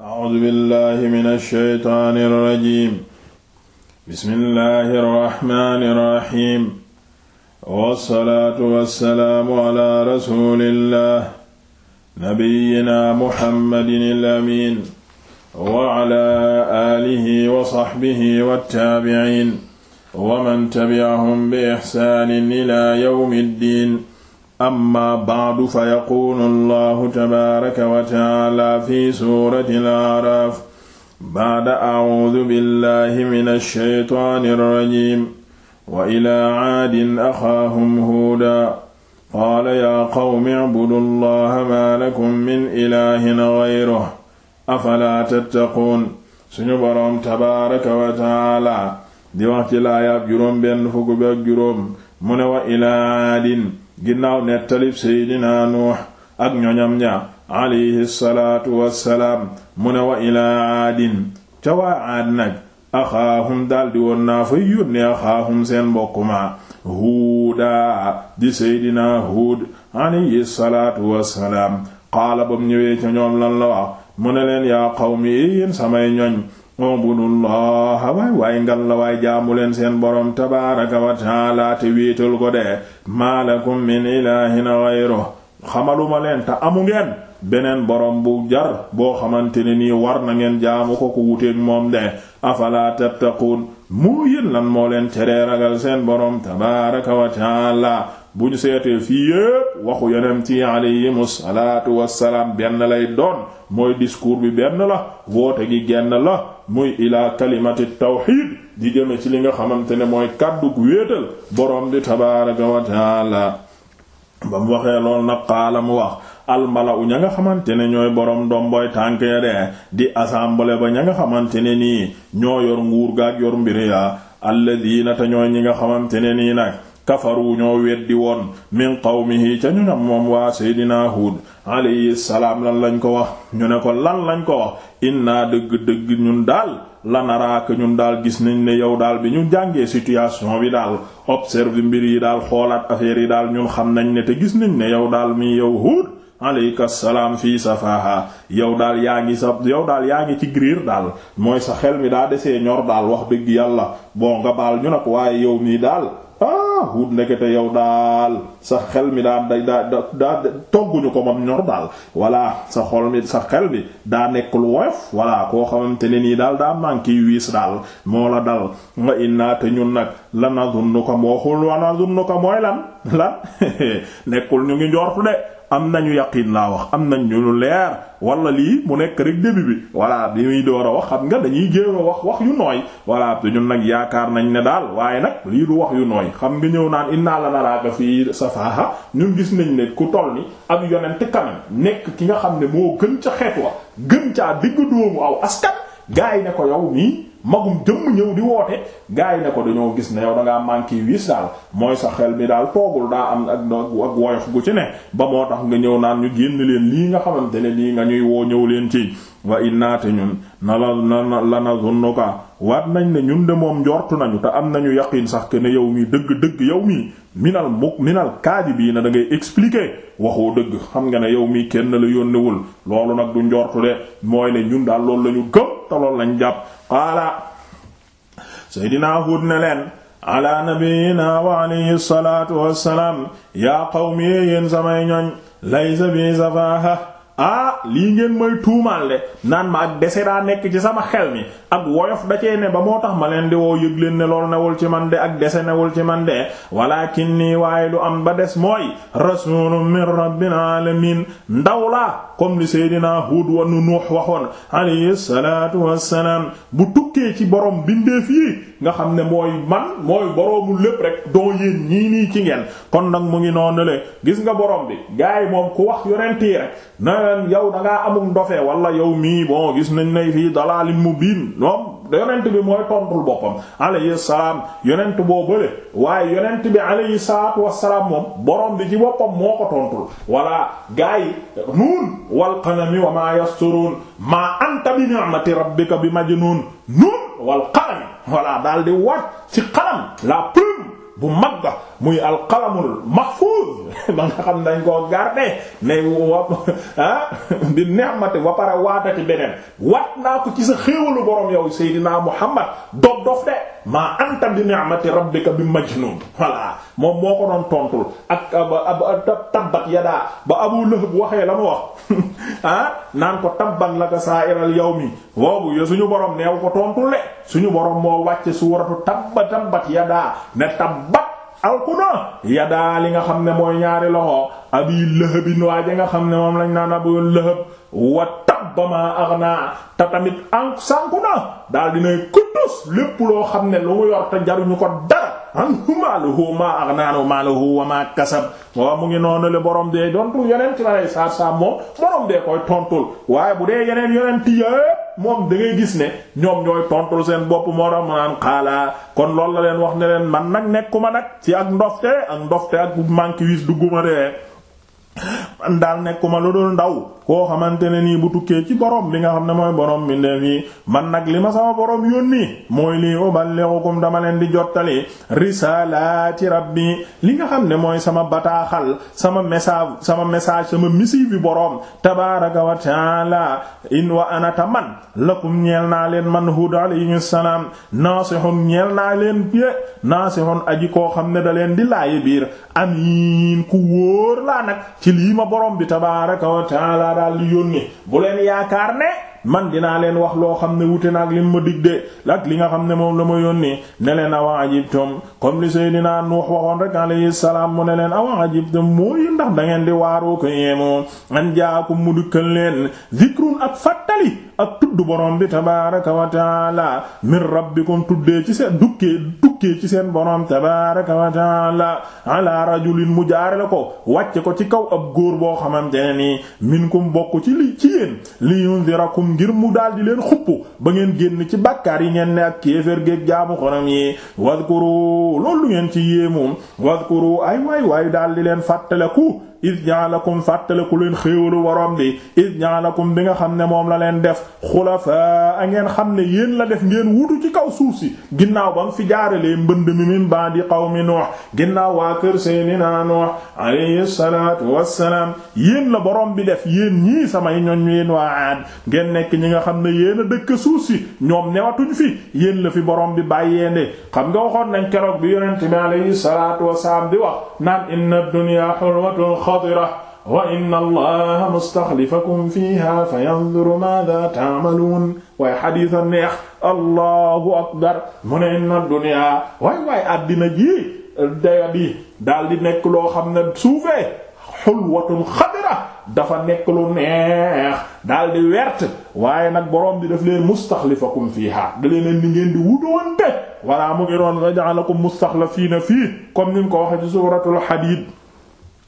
a'uuzu billahi mina shaytaani rajiim bismillahi rahmaani rahiim wassalaatu wassalaamu ala rasulillah nabiyyina muhammadin al-amiin wa ala aalihi wa sahbihi wattaabi'iin wa man tabi'ahum bi ihsaanin ilaa yawmi ddiin amma baadu fa yaquulu allahu tabaaraka wa taala fi suurati al-aaraaf baada acuudu billahi min alshaytaani alrajim wa ilaa caadin axaahum huuda qaala yaa qawmi cbudu llaha maa lakum min ilaahin gayruh afalaa tattaquun suñu boroom tabaaraka wa taala di wax ci laaya ab juróom benn fukk bi ak juróom mu ne wa ilaa caadin ginnaaw nettalib seydinaa nuux ak ñoñam ña alayhi salaatu wassalaam mu ne wa ilaa aadin ca waa aad nag axaahum daldi woon naa fay yónni axaahum seen mbokk ma huudaa di seydinaa huud alayhi salaatu wassalaam qaala bam ñëwee ca ñoom lan la wax mu ne leen yaa qawmi yéen samay ñoñ ubudullah waay waay ngal la waay jaamu leen seen boroom tabaaraka wa taala te wéetal ko de maalakum min na ghayruhu xamaluma leen te amu ngeen beneen boroom bu jar boo xamante ne nii war na ngeen jaamu ko ko wuteek moom de afala tattaquun moo yéen lan moo leen teree ragal seen boroom tabaaraka wa taala bu ñu seetee fii yépp waxu yonent yi alayhimu salaatu wassalaam benn lay doon mooy discours bi benn la woote gi genn la muy ilaa kalimati tawxiid di jëme ci li nga xamante ne mooy kàddug wéetal boroom bi tabaaraka wa taala ba mu waxee lool nag qaala wax almala u ña nga xamante ne ñooy boroom ndomboy tànk ya de di assemblée ba ña nga xamante ne nii ñoo yor nguur gaak yor mbir yaa alladiina te ñooy ñi nga xamante ne nii nag kafaru ñoo weddi woon min qawmihi ca ñu ñam moom waa seydinaa Huud alayhi salaam lan lañ ko wax ñu ne ko lan lañ ko wax inna dëgg-dëgg ñun daal lanaraaka ñun daal gis nañ ne yow daal bi ñu jàngee situation bi daal observe mbir yi daal xoolaat affaire yi daal ñun xam nañ ne te gis nañ ne yow daal mi yow Huud aleyka salaam fii safaha yow daal yaa ngi sa yow daal yaa ngi ci griir daal mooy sa xel mi daa desee ñor daal wax dëgg yàlla bon nga ah wut ndekete yow daal sa xel mi daa da da daa togguñu ko moom ñor daal voilà sa xol mi sax xel mi daa nekk lu woyof voilà koo xamante ne nii daal daa manqué wiis daal moo la dal nga inna te ñun nag lanazunnuka mooxul lanazunnuka mooy lan lan nekkul ñu ngi njortu de am nañu yaqiin laa wax am nañ ñu leer wala lii mu nekk rek début bi voilà bi muy door a wax xam nga dañuy jéem a wax wax yu nooy voilà bi ñun nag yaakaar nañ ne daal waaye nag lii du wax yu nooy xam nga ñëw naan innaa la naraaka fii safaaha ñun gis nañ ne ku toll ni ak yonent kanam nekk ki nga xam ne moo gën ca xeet wa gën caa digg doomu aw askan gaay ne ko yow mii magum jëmm ñëw di woote gars yi ne ko dañoo gis ne yow da ngaa manqué wis daal mooy sa xel mi daal toogul daa am ak ak woyof gu ci ne ba moo tax nga ñëw naan ñu génn leen lii nga xamante ne nii nga ñuy woo ñëw leen ci wa innaate ñun na la na la na waat nañ ne ñun de moom njortu nañu te am nañu yaqiin sax ke ne yow mi dëgg dëgg yow mi minal muk minal kaadi bii na da ngay expliquer waxoo dëgg xam nga ne yow mi kenn la yónnewul loolu nag du njortu de mooy ne ñun daal lool la ñu gëm te loolu lañ jàpp qaala Seydina Hud ne leen ala nabiyina wa alayhi salaatu wassalaam yaa qawmi yéen samay ñoñ laysa bi safaha ah lii ngeen may tuumaal de naan ma ak dese daa nekk ci sama xel mi ak woyof da cee ne ba moo tax ma leen di woo yëg leen ne lool newul ci man de ak dese newul ci man de walakin nii waaye lu am ba des mooy rasulun min rabbil alamin ndaw la comme li seydinaa Hud wa nu Nuux waxoon alayhi salaatu wassalaam bu tukkee ci borom bindeef yi nga xam ne mooy man mooy boroomu lépp rek don yéen ñii nii ci ngeen kon nag mu ngi noonu le gis nga boroom bi gars yi moom ku wax yonent yi rek na leen yow da ngaa amul ndofee wala yow mii bon gis nañ ne fii dalaalin mubiin moom yonent bi mooy tontul boppam alayhi salaam yonent boo bële waaye yonent bi alayhi salaatu wassalaam moom borom bi ci boppam moo ko tontul walla gaa yi wal qalami wa maa yasturuun maa anta bi ni'mati rabbika bi majnuun nuun voilà daal di waat ci xalam la plume bu mag ba muy alqalamul mahfuz ba nga xam dañ koo garder ne ah bi ni'mati ba pare ti beneen wat naa ko ci sa xéewalu borom yow Seydina Muhammad dof dof de maa anta bi ni'mati rabbika bi majnun voilà moom moo ko doon tontul ak tabbat yadaa ba Abu bu waxee la mu wax ah naan ko tabban laka sa'iral yawmi boobu yo suñu borom neew ko tontul de suñu borom moo wàcce suuratu tabba tabbat yadaa ne tabbat alquna yadaa li nga xam ne mooy ñaari loxo abi lahabin waaja nga xam ne moom lañ naan abu lahab wat tabba maa aghnaa te tamit an sànku na daal dinay kuddus lépp loo xam ne lu mu yor te jaruñu ko dara anhu maaluhu maa aghnaa wa maaluhu wa maa kasab waaw mu ngi noonu le borom dee dontu yeneen ci la saa saa moom borom dee koy tontul waaye bu dee yeneen yeneen ti moom da ngay gis ne ñoom ñooy tontul seen bopp moo tax mu naan xaalaa kon lool la leen wax ne leen man nag nekkuma nag ci ak ndofte ak ndofte ak manque wis dugguma de man daal nekkuma lu dul ndaw koo xamante ne nii bu tukkee ci borom bi nga xam ne mooy borom bi ndef yi man nag li ma sama boroom borom yónni mooy lii uballighukum dama leen di jottali risalati rabbi li nga xam ne mooy sama bataaxal sama message sama message sama missive bi borom tabaraka wa taala in wa anata man lakum ñeel naa leen man huud alayhi salaam naasihun ñeel naa leen bi naasihun aji koo xam ne da leen di laayi biir amiin ku wóor laa nag ci lii ma borom bi tabaraka wa daal di yónni bu yaakaar ne man dinaa leen wax loo xam ne wute na ak lim ma dig de ak li nga xam ne moom la ma yónnee ne leen awa ajibtum comme li Seydina Nuux waxoon rek alayhi salaam mu ne leen awa ajibtum mooy ndax da ngeen di waaroo ko yeemoo an jaakum mu dikkal leen zikrun ak fàttali ak tudd borom bi tabaaraka wa taala min rabbikum tuddee ci seen dukkee dukkee ci seen borom tabaaraka wa taala ala rajulin mu jaare la ko wàcce ko ci kaw ab góor boo xamante ne nii minkum bokk ci bëggoon ngir mu daal di leen xuppu ba ngeen génn ci bàkkaar yi ngeen ne ak kéefér géeg jaamu xonam yi wadkuru loolu ngeen ci yéemu wadkuru ay waay waay daal di leen fàttaleku id ja'alakum fàttaleku leen xéewalu warom bi id ja'alakum bi nga xam ne moom la leen def xulafa a ngeen xam ne yéen la def ngeen wutu ci kaw suuf si ginnaaw ba mu fi jaaralee mbënd mi min ba'di qawmi nuux ginnaaw waa kër seydinaa nuux alayhi salaatu wassalaam yéen la borom bi def yéen ñii samay ñoñ nekk ñi nga xam ne yéen a dëkk suuf si ñoom newatuñ fi yéen la fi borom bi bàyyee ne xam nga waxoon nañ keroog bi yonent bi alayhi salaatu wasalaam di wax naan inna dunya hulwatun xadira wa inna allaha mustaxlifakum fiha fa yanzuru maada taamaluun waaye xadiisa neex allahu akbar mu ne inna dunya waay waay àddina ji daya bi daal di nekk loo xam ne suufee xulwatun xadira dafa nekk lu neex daal di wert waaye nag borom bi daf leen mustaxlifakum fiiha da leen ni ngeen di wutoonte walla mu ngi doon raja'alakum mustaxlafiina fii comme ni mu ko waxee ci suuratul hadiid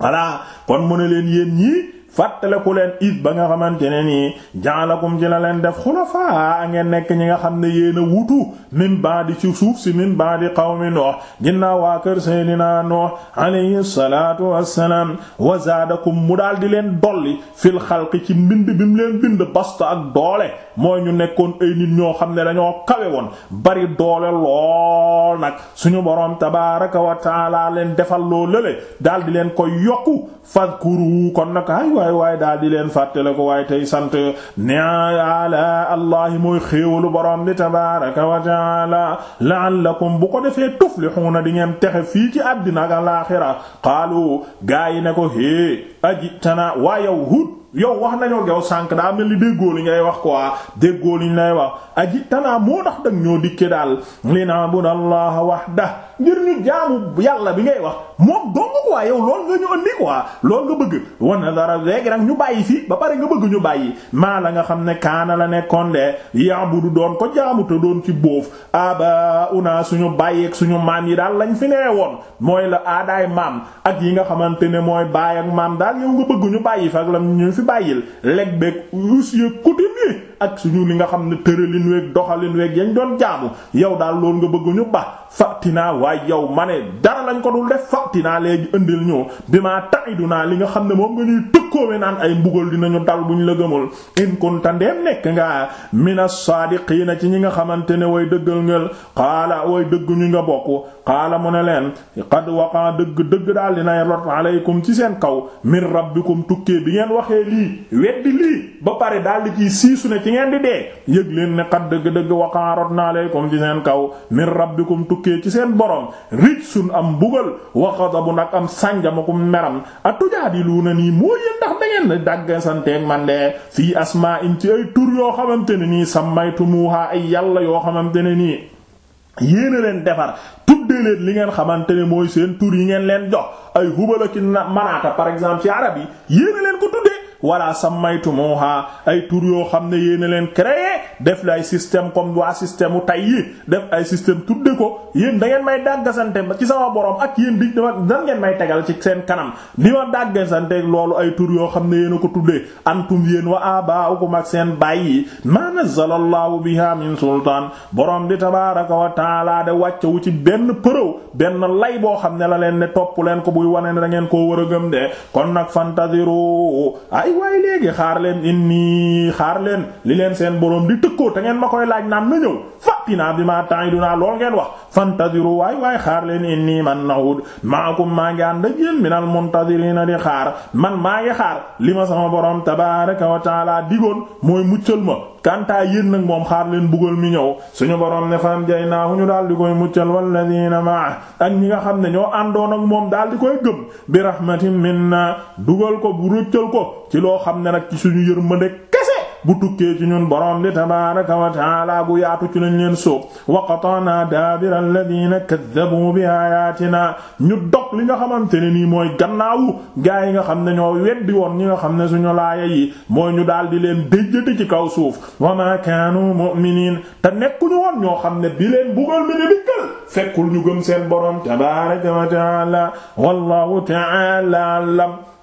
walla kon mu ne leen yéen ñii. fàttaleku leen is ba nga xamante ne nii jaalakum ci la leen def xulafaa ngeen nekk ñi nga xam ne yéen a wutu min baadi ci suuf si min baadi qawmi Nuux ginnaaw waa kër Seydina Nuux alayhi salaatu wassalaam wa mu daal di leen dolli fil xalqi ci mbind bi mu leen bind basta ak doole mooy ñu nekkoon ay nit ñoo xam ne dañoo kawe woon bari doole lool nag suñu boroom tabaaraka wa taala leen defal loo lële daal di leen koy yokku fadkuru kon waay waay daal di leen fàttale ko waaye tey sant ne ala allahi mooy xéewalu borom bi tabaraka wa taala la'allakum bu ko defee tuflihuna di ngeen texe fii ci àddina ak alaaxira qaalu gaa yi ne ko hee aji tana waa yow hud yow wax nañoo yow sànq daa mel ni déggoo li ngay wax quoi déggoo li ngay wax aji tanaa moo tax dag ñoo dikke daal li na'budu allaha wahda ngir ñu jaamu yàlla bi ngay wax moom dong quoi yow lool nga ñu andi quoi lool nga bëgg wana dara léegi nag ñu bàyyi fii ba bari nga bëgg ñu bàyyi maa la nga xam ne kaana la nekkoon de ya'budu doon ko jaamu te doon ci boof aba una suñu bàyyeeg suñu maam yi daal lañ fi nee woon mooy la aadaay maam ak yi nga xamante ne mooy baay ak daal yow bàyyi fa ak fi bàyyil leg beeg usie coutume ak suñu li nga xam ne tëralin weeg doxalin weeg yañ doon jaamu yow daal loolu nga bëgg ñu ba fatinaa waaye yow ma ne dara lañ ko dul def fatinaa léegi indil ñu bi maa naa li nga xam ne moom nga ñuy tëkkoowe naan ay mbugal dinañu dal buñ la gëmul in kunta ndeem nekk nga mina saadiqiina ci ñi nga xamante ne way dëggal ngel xaala way dëgg ñu nga bokk xaala mu ne leen qad waqa dëgg dëgg daal dinay lot aleykum ci seen kaw min rabbikum tukkee bi ngeen waxee lii weddi lii ba pare daal di ci siisu ne ci ngeen di dee yëg leen ne qad dëgg dëgg waqa rot tukkee ci seen borom rijsun am mbugal wa bu ak am sànjama ku meram atujaadiluuna nii moo yéen ndax da ngeen dàggasanteeg man de fii asmaa'in ci ay tur yoo xamante ne nii sammaytumuha ay yàlla yoo xamante ne nii yéena leen defar tuddee leen li ngeen xamante ne mooy seen tur yi ngeen leen jox ay hubala ki na manaata par exemple ci arab yi yéena leen ko tuddee wala sammaytumuha ay tur yoo xam ne yéen leen créé def la ay système comme waa système u tay yi def ay système tudde ko yéen da ngeen may dàggasante ci sama borom ak yéen di dan ngeen may tegal ci seen kanam di ma dàggasante loolu ay tur yoo xam ne yéen a ko tuddee antum yéen wa abaukum ak seen baay yi bi nazzalallahu biha min sultaan borom bi tabaaraka wa taala de wàccewu ci benn përëw benn lay boo xam ne la leen ne topp leen ko buy wane ne da ngeen koo war a gëm de kon nag fantadiru ay waaye léegi xaar leen inni xaar leen li leen seen boroom di tëkkoo te ngeen ma koy laaj naan na ñëw atina bi ma ta'iduna lool ngeen wax fantadiru waay waay xaar leen inni man na'ud maakum maa ngi ànd ak yéen minal muntazirina di xaar man maa ngi xaar li ma sama borom tabaaraka wa ta'ala digoon mooy muccal ma kantaa yéen nag moom xaar leen buggal mi ñëw suñu borom ne fam jay naahu ñu daal di koy muccal walladina maa ak ñi nga xam ne ñoo àndoon ak moom daal di koy gëm bi rahmatin minna dugal ko bu rëccal ko ci loo xam ne rek ci suñu ma bu tukkee ci ñun borom bi tabaaraka wa bu yaatu ci lañ leen sóob wa qata'na daabira alladhina kaddabu bi ñu dog li nga xamante ne nii mooy gannaawu gaa yi nga xam ne ñoo weddi woon ñi nga xam ne suñu laaya yi ñu daal di leen déjjati ci kaw suuf wa ma te nekkuñu ñoo xam ne bi leen bugal mi wa taala wallahu